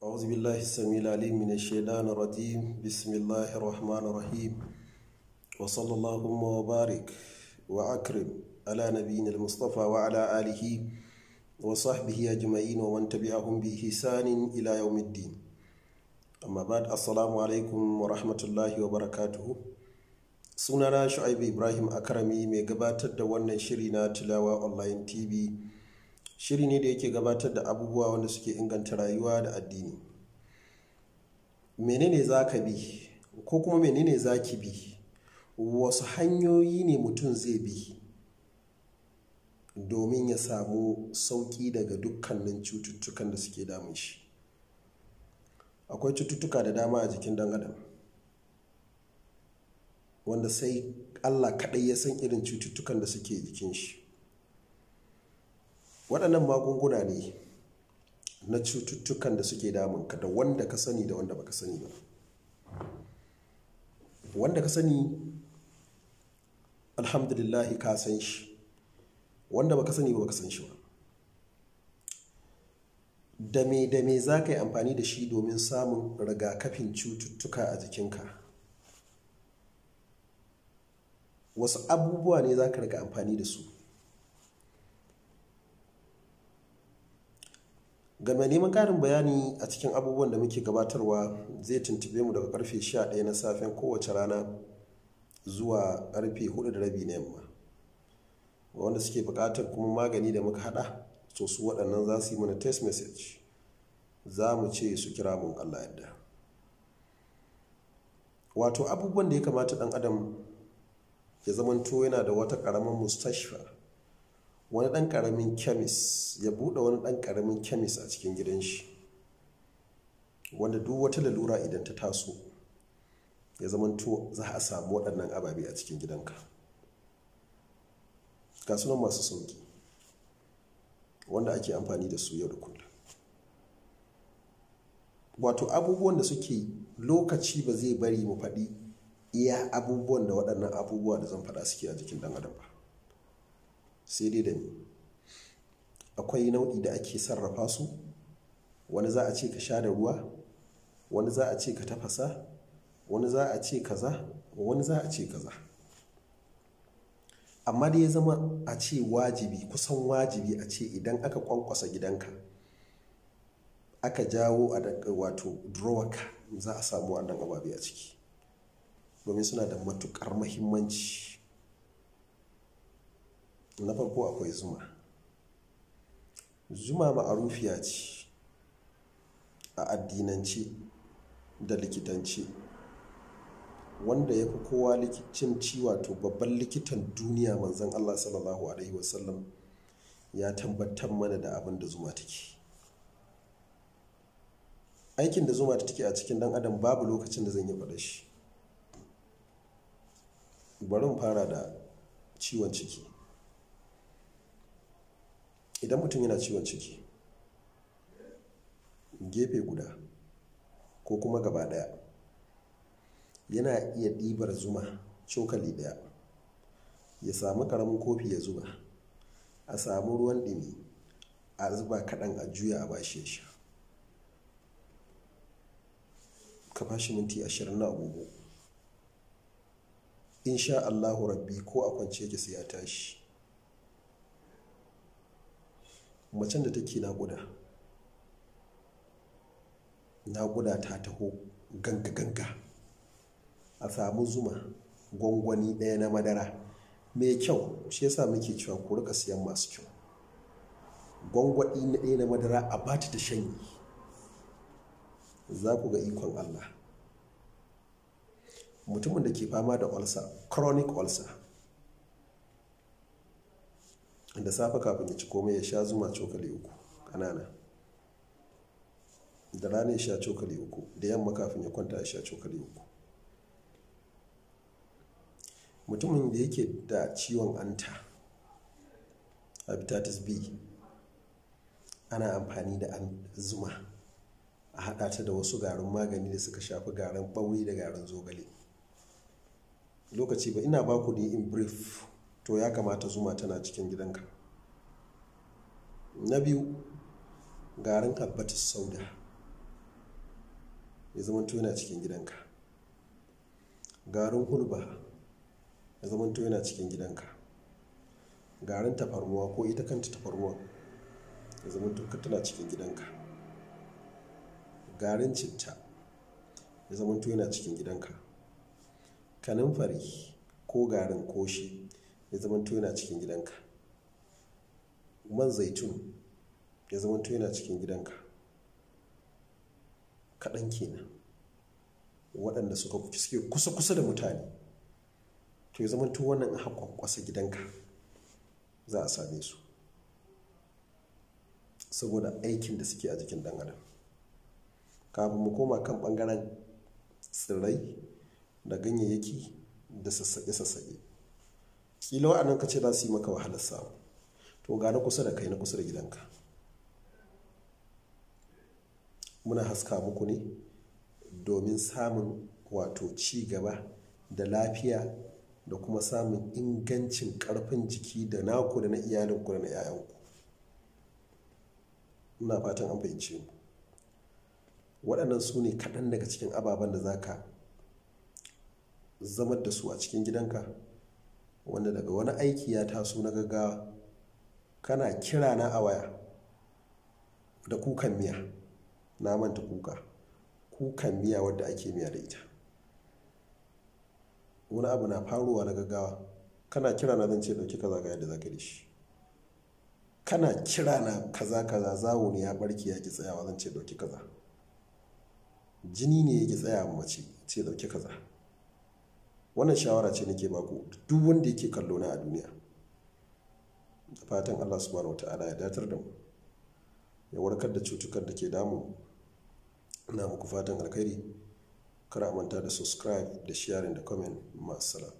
أعوذ بالله السميع العليم من الشيطان الرجيم بسم الله الرحمن الرحيم وصلى اللهم وبارك وأكرم على نبينا المصطفى وعلى آله وصحبه أجمعين ومن تبعهم بإحسان إلى يوم الدين أما بعد السلام عليكم ورحمة الله وبركاته sunana shu'aibu ibrahim akarami mai gabatar da wannan shiri na tilawa online tv shiri ne da yake gabatar da abubuwa wanda suke inganta rayuwa da addini menene za ka bi ko kuma menene za ki bi wasu hanyoyi ne mutum zai bi domin ya samu sauƙi daga dukkanin cututtukan da suke damun shi akwai cututtuka da dama a jikin dan adam wanda sai allah kaɗai ya san irin cututtukan da suke jikin shi waɗannan magunguna ne na cututtukan da suke damunka da wanda ka sani da wanda baka sani ba wanda ka sani alhamdulillahi ka san shi wanda baka sani ba baka san shi ba da me da me za ka yi amfani da shi domin samun rigakafin cututtuka a jikinka wasu abubuwa ne za ka riga amfani da su ga mai neman ƙarin bayani a cikin abubuwan da muke gabatarwa zai tuntube mu daga karfe 11 na safen kowace rana zuwa karfe 4 da rabi na yamma wanda suke buƙatar kuma magani da muka hada so su waɗannan za su yi mana text message za mu ce su kira mun allah yadda wato abubuwan da ya kamata ɗan adam ya zamanto yana da wata ƙaramin mustashfa wani ɗan ƙaramin kemis ya buɗe wani ɗan ƙaramin kemis a cikin gidan shi wanda duk wata lalura idan ta taso ya zamanto za a samu waɗannan ababe a cikin gidanka ga sunan masu sauƙi wanda ake amfani da su yau da kullum wato abubuwan da suke lokaci ba zai bari mu faɗi iya abubuwan da waɗannan abubuwa da zan faɗa suke a jikin ɗan adam ba sai dai da ni akwai nau'i da ake sarrafa su wani za a ce ka sha da ruwa wani za a ce ka tafasa wani za a ce kaza wani za a ce kaza amma da ya zama a ce wajibi kusan wajibi a ce idan aka kwankwasa gidanka aka jawo a wato drowarka za a samu wannan ababe a ciki domin suna da matukar mahimmanci na farko akwai zuma zuma ma'arufiya ce a addinance da likitance wanda ya fi kowa ciwa wato babban likitan duniya manzan allah sallallahu alaihi wasallam ya tabbatar mana da abin da zuma take aikin da zuma ta take a cikin dan adam babu lokacin da zan yi faɗa shi bari fara da ciwon ciki idan mutum yana ciwon ciki gefe guda ko kuma gaba daya yana iya ɗibar zuma cokali daya ya samu karamin kofi ya zuba a samu ruwan ɗimi a zuba kaɗan a juya a bashi shi sha ka bashi minti ashirin na agogo insha allahu rabbi ko a kwance ki sai ya tashi macen da take naƙuda naƙuda ta taho ganga-ganga a samu zuma gwangwani ɗaya na madara mai kyau shi yasa muke cewa ku rika siyan masu kyau gwangwani na ɗaya na madara a bata ta shanyi za ku ga ikon allah mutumin da ke fama da ulcer chronic ulcer da safe kafin ya ci komai ya sha zuma cokali uku ƙanana da rana ya sha cokali uku da yamma kafin ya kwanta ya sha cokali uku mutumin da yake da ciwon anta hepatitis b ana amfani da zuma a haɗa ta da wasu garin magani da suka shafi garin ɓauri da garin zogale lokaci ba ina baku ne in brief to ya kamata zuma tana cikin gidanka na biyu garin sau sauda ya zamanto yana cikin gidanka garin hulba ya zamanto yana cikin gidanka garin tafarnuwa ko ita kanta tafarnuwa ya zamanto tana cikin gidanka garin citta ya zamanto yana cikin gidanka fari ko garin koshi ya zama yana cikin gidanka man zaitun ya zama yana cikin gidanka kaɗan kenan waɗanda suka suke kusa-kusa da mutane to ya zamanto wannan haƙon ƙwasa gidanka za a same su saboda aikin da suke a jikin ɗan adam kafin mu koma kan ɓangaren tsirrai da ganyayyaki da sassaƙe-sassaƙe kila wa'annan ka ce za su yi maka wahalar samu to ga na kusa da kai na kusa da gidanka muna haska muku ne domin samun wato ci gaba da lafiya da kuma samun ingancin karfin jiki da naku da na iyalinku da na 'ya'yanku ina fatan an fahimce mu waɗannan su ne kaɗan daga cikin ababen da za ka zamar da su a cikin gidanka wanda daga wani aiki ya taso na gaggawa kana kira na a waya da kukan miya na manta kuka kukan miya wadda ake miya da ita wani abu na faruwa na gaggawa kana kira na zan ce dauki kaza ga yadda zaka shi kana kira na kaza kaza zawo ne ya barki ya ki tsayawa zan ce dauki kaza jini ne ya ki tsaya mace ce dauki kaza wannan shawara ce nake baku duk wanda yake kallo na a duniya da fatan allah subhanahu wata'ala ya datar da mu ya warkar da cutukan da ke damu na muku fatan alkhairi kar a manta da subscribe da sharing da comment masu salam